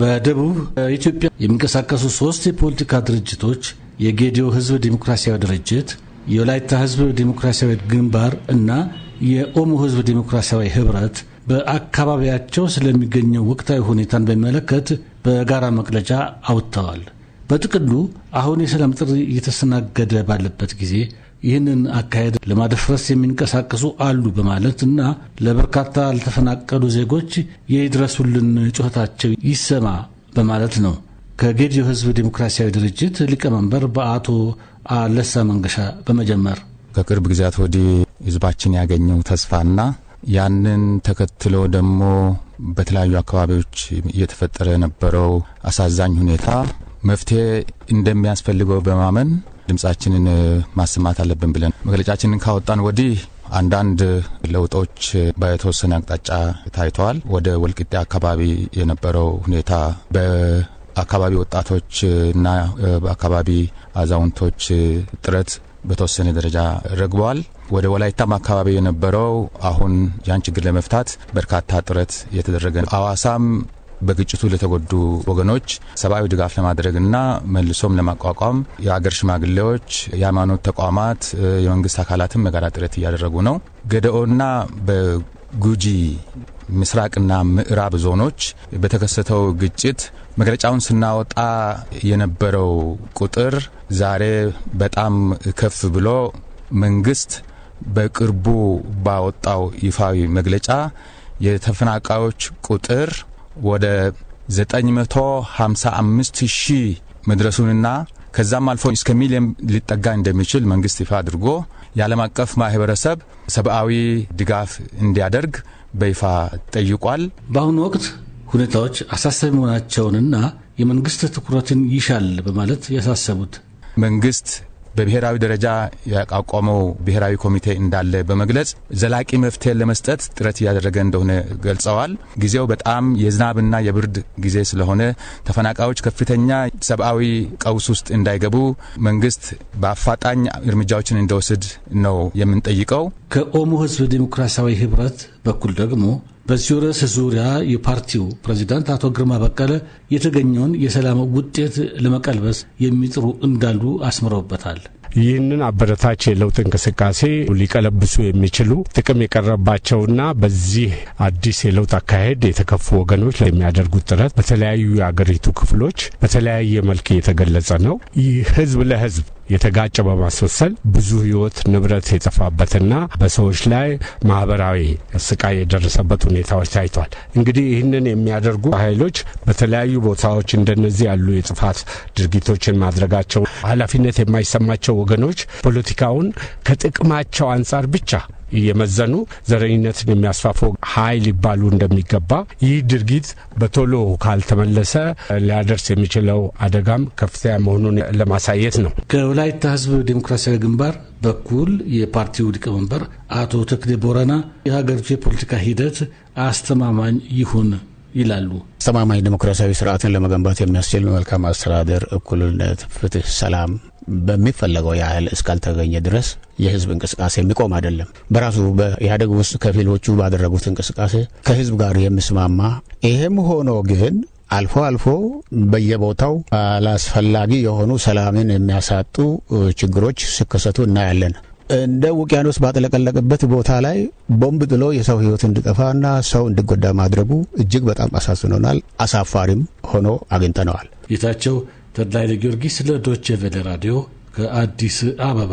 በደቡብ ኢትዮጵያ የሚንቀሳቀሱ ሶስት የፖለቲካ ድርጅቶች የጌዲዮ ህዝብ ዲሞክራሲያዊ ድርጅት፣ የወላይታ ህዝብ ዲሞክራሲያዊ ግንባር እና የኦሞ ህዝብ ዲሞክራሲያዊ ህብረት በአካባቢያቸው ስለሚገኘው ወቅታዊ ሁኔታን በሚመለከት በጋራ መግለጫ አውጥተዋል። በጥቅሉ አሁን የሰላም ጥሪ እየተስተናገደ ባለበት ጊዜ ይህንን አካሄድ ለማደፍረስ የሚንቀሳቀሱ አሉ በማለት እና ለበርካታ ያልተፈናቀሉ ዜጎች የይድረሱልን ጩኸታቸው ይሰማ በማለት ነው። ከጌዲዮ ህዝብ ዴሞክራሲያዊ ድርጅት ሊቀመንበር በአቶ አለሳ መንገሻ በመጀመር ከቅርብ ጊዜያት ወዲህ ህዝባችን ያገኘው ተስፋና ያንን ተከትሎ ደግሞ በተለያዩ አካባቢዎች እየተፈጠረ የነበረው አሳዛኝ ሁኔታ መፍትሄ እንደሚያስፈልገው በማመን ድምጻችንን ማሰማት አለብን ብለን መግለጫችንን ካወጣን ወዲህ አንዳንድ ለውጦች በተወሰነ አቅጣጫ ታይተዋል። ወደ ወልቂጤ አካባቢ የነበረው ሁኔታ በአካባቢ እና በአካባቢ አዛውንቶች ጥረት በተወሰነ ደረጃ ረግበዋል። ወደ ወላይታም አካባቢ የነበረው አሁን ያን ችግር ለመፍታት በርካታ ጥረት የተደረገ ነው። አዋሳም በግጭቱ ለተጎዱ ወገኖች ሰብአዊ ድጋፍ ለማድረግና መልሶም ለማቋቋም የአገር ሽማግሌዎች፣ የሃይማኖት ተቋማት፣ የመንግስት አካላትም መጋራ ጥረት እያደረጉ ነው። ገደኦና በጉጂ ምስራቅና ምዕራብ ዞኖች በተከሰተው ግጭት መግለጫውን ስናወጣ የነበረው ቁጥር ዛሬ በጣም ከፍ ብሎ መንግስት በቅርቡ ባወጣው ይፋዊ መግለጫ የተፈናቃዮች ቁጥር ወደ 955 ሺህ መድረሱንና ከዛም አልፎ እስከ ሚሊየን ሊጠጋ እንደሚችል መንግስት ይፋ አድርጎ የዓለም አቀፍ ማህበረሰብ ሰብአዊ ድጋፍ እንዲያደርግ በይፋ ጠይቋል። በአሁኑ ወቅት ሁኔታዎች አሳሳቢ መሆናቸውንና የመንግስት ትኩረትን ይሻል በማለት ያሳሰቡት መንግስት በብሔራዊ ደረጃ ያቋቋመው ብሔራዊ ኮሚቴ እንዳለ በመግለጽ ዘላቂ መፍትሄ ለመስጠት ጥረት እያደረገ እንደሆነ ገልጸዋል። ጊዜው በጣም የዝናብና የብርድ ጊዜ ስለሆነ ተፈናቃዮች ከፍተኛ ሰብአዊ ቀውስ ውስጥ እንዳይገቡ መንግስት በአፋጣኝ እርምጃዎችን እንደወስድ ነው የምንጠይቀው። ከኦሞ ህዝብ ዴሞክራሲያዊ ህብረት በኩል ደግሞ በዚሁ ርዕስ ዙሪያ የፓርቲው ፕሬዚዳንት አቶ ግርማ በቀለ የተገኘውን የሰላም ውጤት ለመቀልበስ የሚጥሩ እንዳሉ አስምረውበታል። ይህንን አበረታች የለውጥ እንቅስቃሴ ሊቀለብሱ የሚችሉ ጥቅም የቀረባቸውና በዚህ አዲስ የለውጥ አካሄድ የተከፉ ወገኖች የሚያደርጉት ጥረት በተለያዩ የአገሪቱ ክፍሎች በተለያየ መልክ እየተገለጸ ነው። ይህ ህዝብ ለህዝብ የተጋጨ በማስመሰል ብዙ ህይወት ንብረት የጠፋበትና በሰዎች ላይ ማህበራዊ ስቃይ የደረሰበት ሁኔታዎች ታይቷል። እንግዲህ ይህንን የሚያደርጉ ኃይሎች በተለያዩ ቦታዎች እንደነዚህ ያሉ የጥፋት ድርጊቶችን ማድረጋቸው ኃላፊነት የማይሰማቸው ወገኖች ፖለቲካውን ከጥቅማቸው አንጻር ብቻ እየመዘኑ ዘረኝነትን የሚያስፋፉ ሀይ ሊባሉ እንደሚገባ ይህ ድርጊት በቶሎ ካልተመለሰ ሊያደርስ የሚችለው አደጋም ከፍተኛ መሆኑን ለማሳየት ነው። ከወላይታ ህዝብ ዴሞክራሲያዊ ግንባር በኩል የፓርቲው ሊቀመንበር አቶ ተክዴ ቦረና የሀገሪቱ የፖለቲካ ሂደት አስተማማኝ ይሁን ይላሉ። አስተማማኝ ዴሞክራሲያዊ ስርዓትን ለመገንባት የሚያስችል መልካም አስተዳደር፣ እኩልነት፣ ፍትህ፣ ሰላም በሚፈለገው ያህል እስካልተገኘ ድረስ የህዝብ እንቅስቃሴ የሚቆም አይደለም። በራሱ በኢህአዴግ ውስጥ ከፊሎቹ ባደረጉት እንቅስቃሴ ከህዝብ ጋር የሚስማማ ይህም ሆኖ ግን አልፎ አልፎ በየቦታው አላስፈላጊ የሆኑ ሰላምን የሚያሳጡ ችግሮች ሲከሰቱ እናያለን። እንደ ውቅያኖስ ባጥለቀለቀበት ቦታ ላይ ቦምብ ጥሎ የሰው ህይወት እንዲጠፋና ሰው እንዲጎዳ ማድረጉ እጅግ በጣም አሳስኖናል። አሳፋሪም ሆኖ አግኝተነዋል። ጌታቸው ተድላይ ለጊዮርጊስ ለዶቼ ቬለ ራዲዮ ከአዲስ አበባ